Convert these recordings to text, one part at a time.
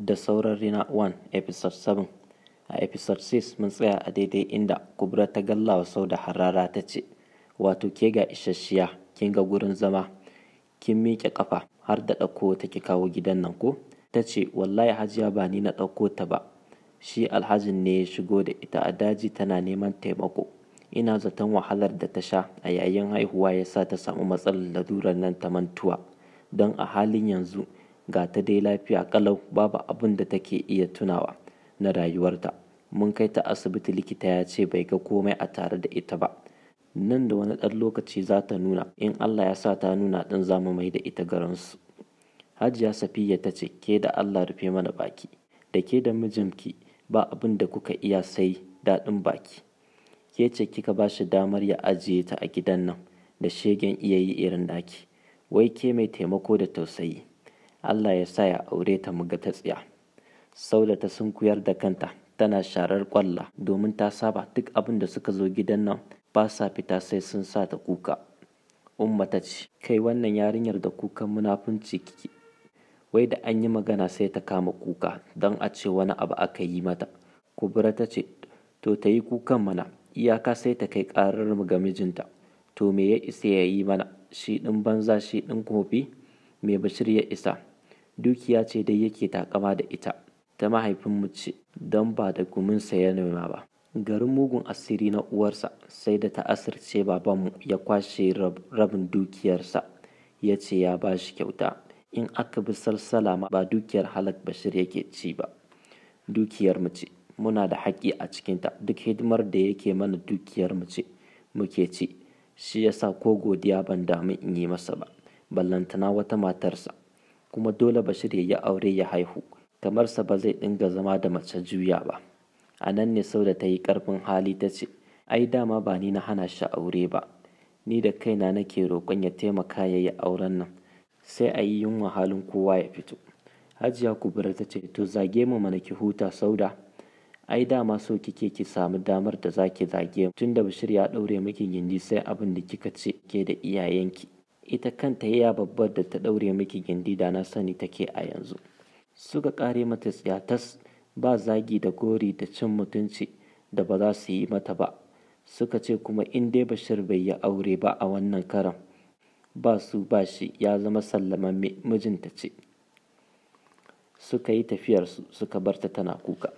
da sauran Rina 1 episode 7 a episode 6 mun tsaya a daidai inda kubra ta gallawa sau da harara ta ce wato ke ga isasshiya kin ga gurin zama kin miƙe kafa har da ɗauko ta ke kawo gidan nan ko ta ce wallahi hajiya ba ni na ɗauko ta ba shi alhajin ne ya shigo da ita a daji tana neman taimako ina zaton wahalar da ta sha a yayin haihuwa ya sa ta samu matsalar ladurar nan ta mantuwa don a halin yanzu ga ta dai lafiya kalau babu abin da take iya tunawa na rayuwarta mun kai ta asibiti likita ya ce bai ga komai a tare da ita ba nan da wani ɗan lokaci za ta nuna in Allah ya sa ta nuna ɗin za mu mai da ita garinsu hajiya safiya ta ce ke da Allah rufe mana baki da ke da mijinki ba abin da kuka iya sai daɗin baki ke ce kika ba shi damar ya ajiye ta a gidan nan da shegen iyayi irin naki wai ke mai taimako da tausayi Allah ya sa ya aure ta muga ta tsiya sauda ta sun kuyar da kanta tana sharar kwalla domin ta saba duk abin da suka zo gidan nan ba sa fita sai sun sa ta kuka umma ta ce kai wannan yarinyar da kukan munafunci kiki. wai da an yi magana sai ta kama kuka don a ce wani abu aka yi mata kubura ta ce to ta yi kukan mana iyaka sai ta kai karar mu ga mijinta to me ya isa ya yi mana shi ɗin banza shi ɗin kofi me bashir ya isa dukiya ce dai yake takama da ita ta mahaifin ce don ba da gumin ya nema ba garin mugun asiri na uwarsa sai da ta asirce babanmu ya kwashe rabin dukiyarsa ya ce ya ba shi kyauta in aka bi salsala ba dukiyar halak bashir yake ci ba dukiyar ce muna da haƙƙi a cikinta duk hidimar da yake mana dukiyar mu ce muke ci shi yasa ko godiya ban damu in yi masa ba ballantana wata matarsa kuma dole Bashir ya yi aure ya haihu Kamar sa ba zai dinga zama da mace juya ba a nan ne sau da ta yi karfin hali ta ce ai dama ba ni na hana shi aure ba ni da kaina nake roƙon ya taimaka ya yi auren nan sai a yi yunwa halin kowa ya fito hajiya kubura ta ce to zage mu mana ki huta sauda ai dama so kike ki samu damar da zaki zage mu tunda bashir ya ɗaure miki gindi sai abin da kika ce ke da iyayenki ita kanta ya babbar da ta ɗaure miki gindi da na sani take a yanzu suka ƙare mata tsiyatas ba zagi da gori da cin mutunci da ba za su yi mata ba suka ce kuma in dai bashir bai yi aure ba a wannan karan ba su ba shi ya zama sallamamme mijinta ce suka yi tafiyar su suka bar ta tana kuka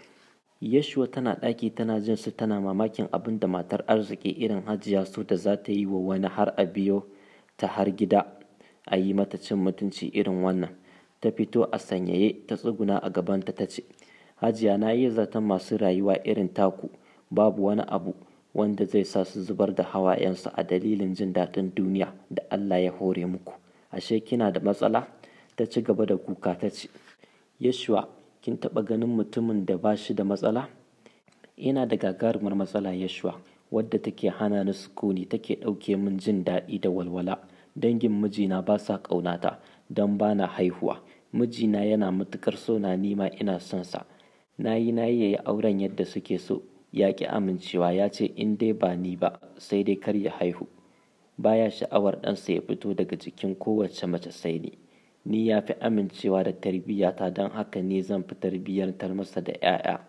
yeshuwa tana ɗaki tana jin su tana mamakin abin da matar arziki irin hajiya su da za ta yi wa wani har a biyo ta har gida a yi mata cin mutunci irin wannan ta fito a sanyaye ta tsuguna a gabanta ta ce hajiya na yi zaton masu rayuwa irin taku babu wani abu wanda zai sa su zubar da hawayensu a dalilin jin daɗin duniya da Allah ya hore muku ashe kina da matsala ta ci gaba da kuka ta ce Yeshua kin taɓa ganin mutumin da ba shi da matsala ina da gagarumar matsala Yeshua wadda take hana ni sukuni take ɗauke min jin daɗi da walwala Dangin mijina ba sa ƙaunata don ba na haihuwa. Mijina yana matukar so na ni ina son sa. Na yi na yi auren yadda suke so, ya ƙi amincewa ya ce in dai ba ni ba sai dai kar ya haihu. baya sha'awar ɗansa ya fito daga jikin kowace mace sai ni. Ni ya fi amincewa da tarbiyyata don haka ne zan fi tarbiyyantar masa da 'ya'ya.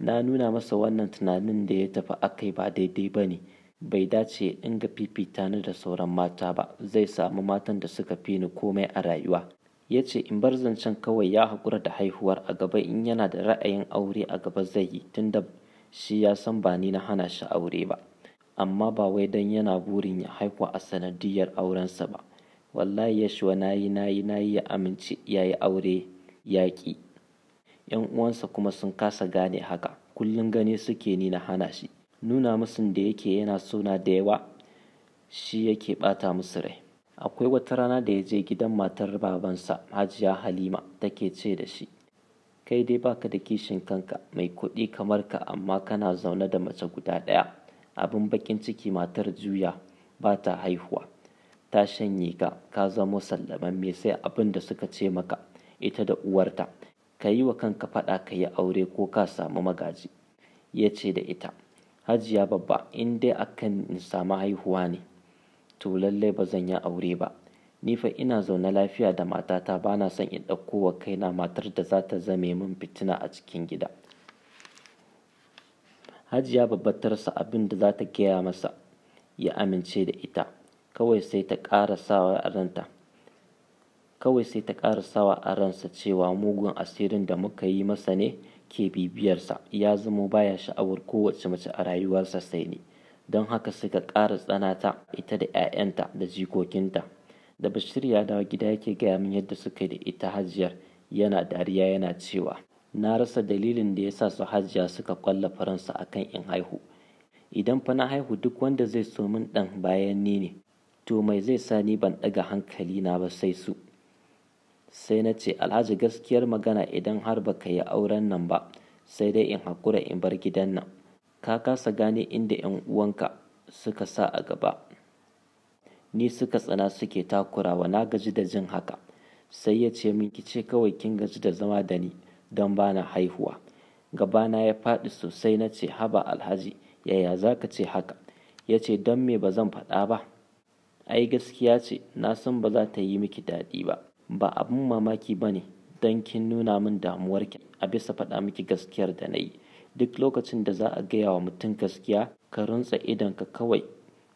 Na nuna masa wannan tunanin da ya tafi akai ba daidai ba ne. bai dace in ga fifita ni da sauran mata ba zai samu matan da suka fi ni komai a rayuwa ya ce in bar zancen kawai ya haƙura da haihuwar a gaba in yana da ra'ayin aure a gaba zai yi tunda shi ya san ba ni na hana shi aure ba amma ba wai don yana burin ya haihu a sanadiyar aurensa ba wallahi ya shuwa nayi nayi nayi ya amince ya yi aure yaƙi yan uwansa kuma sun kasa gane haka kullum gani suke ni na hana shi nuna musun da yake yana suna da yawa shi yake ɓata musu rai akwai wata rana da ya je gidan matar babansa hajiya halima take ce da shi kai dai baka da kishin kanka mai kuɗi kamar ka amma kana zaune da mace guda ɗaya abin bakin ciki matar juya ba ta haihuwa ta shanye ka ka zamo sallaman me sai abin da suka ce maka ita da uwarta ka yi wa kanka faɗa ka yi aure ko ka samu magaji ya ce da ita hajiya babba in dai akan in samu haihuwa ne to lallai ba zan yi aure ba ni fa ina zaune lafiya da matata ba na son in ɗauko wa kaina matar da za ta zame min fitina a cikin gida hajiya babba tarsa abin da za ta gaya masa ya amince da ita kawai sai ta ƙara sawa a ranta kawai sai ta ƙara a ransa cewa mugun asirin da muka yi masa ne ke bibiyarsa ya zama baya sha'awar kowace mace a rayuwarsa sai ne don haka suka ƙara tsanata ita da 'ya'yanta da jikokinta da bashir ya dawo gida yake gaya min yadda suka yi da ita hajiyar yana dariya yana cewa na rasa dalilin da ya sa su hajiya suka kwalla faransa a kan in haihu idan fa na haihu duk wanda zai so min ɗan bayan ni ne to mai zai sa ni ban ɗaga hankali na ba sai su sai na ce alhaji gaskiyar magana idan har ba ka yi auren nan ba sai dai in haƙura in bar gidan nan ka kasa gane inda 'yan uwanka suka sa a gaba ni suka tsana suke takurawa na gaji da jin haka sai ya ce min ki ce kawai kin gaji da zama da ni don bana haihuwa gabana ya faɗi sosai na ce haba alhaji yaya za ka ce haka ya ce don me ba zan faɗa ba ai gaskiya ce na san ba za ta yi miki daɗi ba ba abin mamaki ba ne don kin nuna min damuwar damuwarki a bisa faɗa miki gaskiyar da na yi duk lokacin da za a gaya wa mutum gaskiya ka runtsa idonka kawai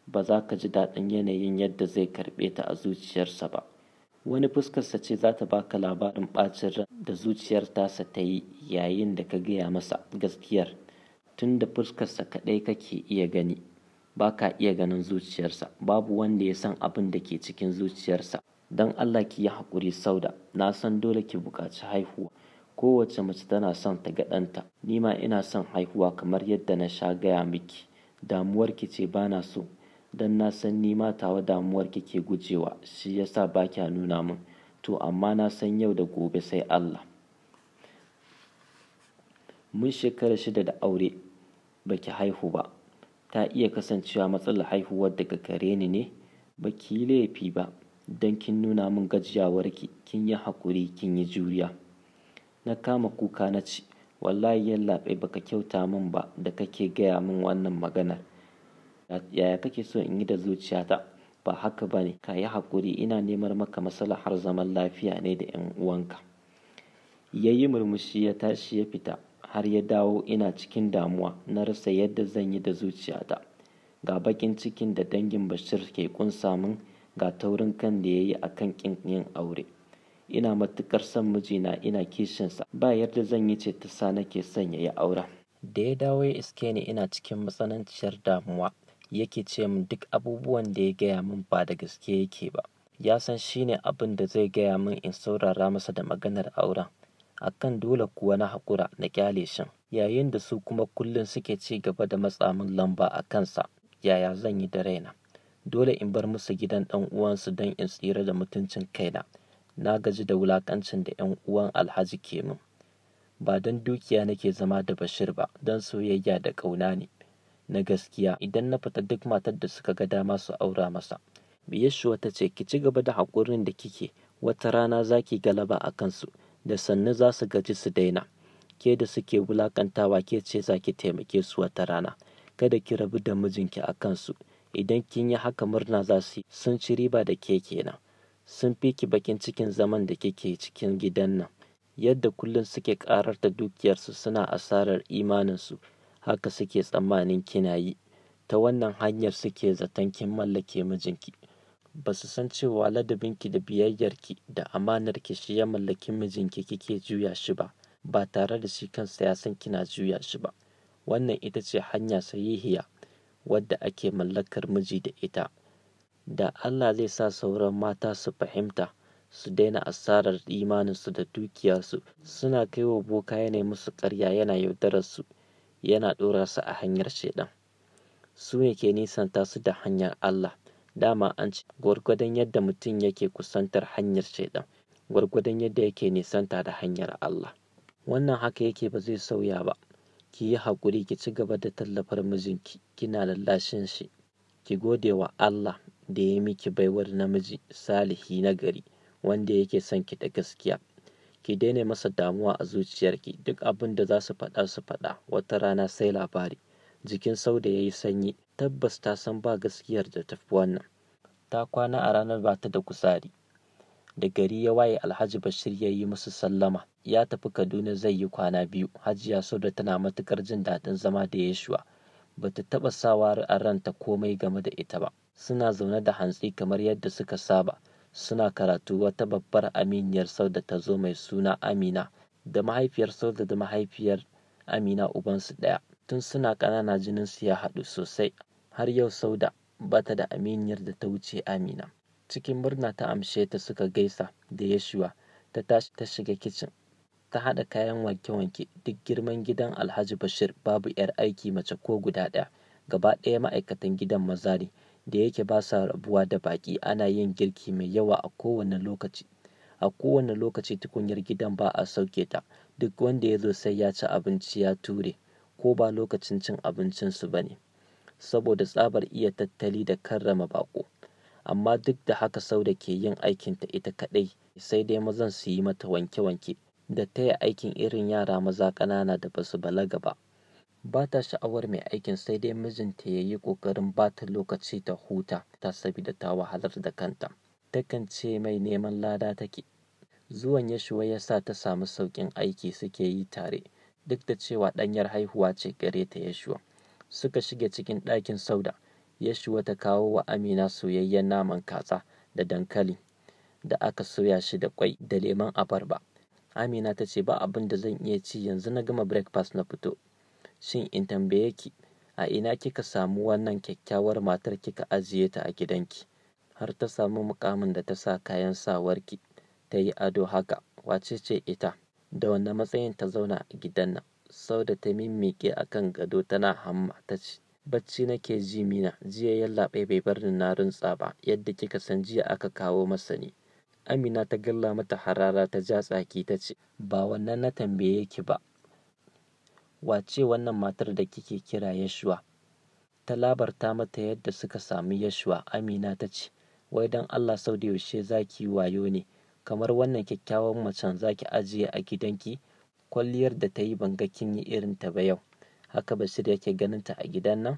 ba za ka ji daɗin yanayin yadda zai karɓe ta a zuciyarsa ba wani fuskarsa ce za ta baka labarin ɓacin ran da zuciyar tasa ta yi yayin da ka gaya masa gaskiyar tun da fuskarsa kaɗai kake iya gani ba ka iya ganin zuciyarsa babu wanda ya san abin da ke cikin zuciyarsa don Allah ki yi haƙuri da. na san dole ki buƙaci haihuwa kowace mace tana son ta ga ɗanta ni ma ina son haihuwa kamar yadda na sha gaya miki Damuwar ki ce ba na so don na san ni ma tawa ki ke gujewa shi yasa ba kya nuna min to amma na san yau da gobe sai Allah mun shekara shida da aure baki haihu ba ta iya kasancewa matsalar haihuwar daga gare ni ne baki laifi ba don kin nuna min gajiyawarki kin yi haƙuri kin yi juriya na kama kuka na ce wallahi yallaɓai baka kyauta min ba da kake gaya min wannan maganar yaya kake so in yi da zuciyata ba haka ba ne ka yi haƙuri ina neman maka har zaman lafiya ne da 'yan uwanka ya yi murmushi ya tashi ya fita har ya dawo ina cikin damuwa na rasa yadda zan yi da zuciyata ga bakin cikin da dangin bashir ke kunsa min ga taurin kan da ya yi a kan ƙin yin aure ina matuƙar son mijina ina kishinsa ba yadda zan yi ce ta sa nake son ya yi auren da ya dawo ya iske ni ina cikin matsananciyar damuwa yake ce min duk abubuwan da ya gaya min ba da gaske yake ba ya san shi ne abin da zai gaya min in saurara masa da maganar auren akan dole kuwa na haƙura na ƙyale shi yayin da su kuma kullum suke ci gaba da matsa min lamba a kansa yaya zan yi da raina Dole in bar musu gidan ɗan uwansu don in tsira da mutuncin kaina. Na gaji da wulaƙancin da 'yan uwan Alhaji ke min. Ba don dukiya nake zama da Bashir ba, don soyayya da ƙauna ne. Na gaskiya idan na fita duk matar da suka ga dama su aura masa. Biyashuwa ta ce ki ci gaba da haƙurin da kike, wata rana za ki galaba a kansu, da sannu za su gaji su daina. Ke da suke wulaƙantawa ke ce za ki taimake su wata rana. Kada ki rabu da mijinki a kansu. idan kin yi haka murna za su yi sun ci riba da ke kenan sun fi ki bakin cikin zaman da kike cikin gidan nan yadda kullum suke karar da dukiyarsu suna asarar imaninsu haka suke tsammanin kina yi ta wannan hanyar suke zaton kin mallake mijinki ba su san cewa ladabinki da biyayyarki da amanarki shi ya mallaki mijinki kike juya shi ba ba tare da shi kansa ya san kina juya shi ba wannan ita ce hanya sahihiya wadda ake mallakar miji da ita da Allah zai sa sauran mata su fahimta su daina asarar imaninsu da dukiyarsu suna kaiwa boka yana musu karya yana su yana dora su a hanyar shaidan su ne ke nisanta su da hanyar Allah dama an ce gwargwadon yadda mutum yake kusantar hanyar shaidan gwargwadon yadda yake nisanta da hanyar Allah wannan haka yake ba zai sauya ba ki yi haƙuri ki ci gaba da tallafar mijinki kina lallashin shi ki gode wa Allah da ya miki baiwar namiji salihi na gari wanda yake son ki da gaskiya ki daina masa damuwa a zuciyarki duk abin da za su faɗa su faɗa wata rana sai labari jikin sau da ya yi sanyi tabbas ta san ba gaskiyar da tafi wannan ta kwana a ranar ba ta da kusari. da gari ya waye alhaji bashir ya yi musu sallama ya tafi kaduna zai yi kwana biyu hajiya sauda tana matukar jin daɗin zama da yeshua ba ta taɓa sawa a ranta komai game da ita ba suna zaune da hantsi kamar yadda suka saba suna karatu wata babbar aminiyar sauda ta zo mai suna amina da mahaifiyar sau da mahaifiyar amina ubansu ɗaya tun suna ƙanana su ya haɗu sosai har yau sauda bata da aminiyar da ta wuce amina Cikin murna ta amshe ta suka gaisa da Yeshua ta tashi ta shiga kicin. Ta haɗa kayan wanke-wanke duk girman gidan Alhaji Bashir babu 'yar aiki mace ko guda ɗaya. Gaba ɗaya ma'aikatan gidan maza ne da yake ba sa rabuwa da baƙi ana yin girki mai yawa a kowane lokaci. A kowane lokaci tukunyar gidan ba a sauke ta, duk wanda ya zo sai ya ci abinci ya ture, ko ba lokacin cin abincinsu ba ne, saboda tsabar iya tattali da karrama baƙo. amma duk da haka Sauda ke yin aikinta ita kaɗai sai dai mazan su yi mata wanke-wanke da taya aikin irin yara maza ƙanana da ba su balaga ba. Ba ta sha'awar mai aikin sai dai mijinta ya yi ƙoƙarin ba ta lokaci ta huta ta sabida ta wahalar da kanta. Takan ce mai neman lada take. Zuwan Yeshuwa ya sa ta samu sauƙin aiki suke yi tare duk da cewa ɗanyar haihuwa ce gare ta Yeshuwa. Suka shige cikin ɗakin Sauda. Yeshuwa ta kawo wa Amina soyayyen naman katsa da dankali da aka soya shi da kwai da lemon abarba. Amina ta ce ba abin da zan iya ci yanzu na gama breakfast na fito. Shin in tambaye ki a ina kika samu wannan kyakkyawar matar kika ajiye ta a gidanki har ta samu muƙamin da ta sa kayan sawarki ta yi ado haka wace ce ita da wanne matsayin ta zauna a gidan nan. Sau da ta mimmiƙe a kan gado tana hamma ta ce. Bacci nake ji Mina, jiya Yallaɓai bai bar ni na rintsa ba, yadda kika san jiya aka kawo masa ni. Amina ta galla mata harara ta ja tsaki ta ce, Ba wannan na tambaye ki ba, wace wannan matar da kike kira Yashuwa? Ta labarta mata yadda suka samu Yashuwa, Amina ta ce, Wai don Allah sau da yaushe za ki yi wayo ne, kamar wannan kyakkyawan macen za ki ajiye a gidanki, kwalliyar da ta yi ban ga kin yi irinta ba yau. Haka basir yake ganin ta a gidan nan.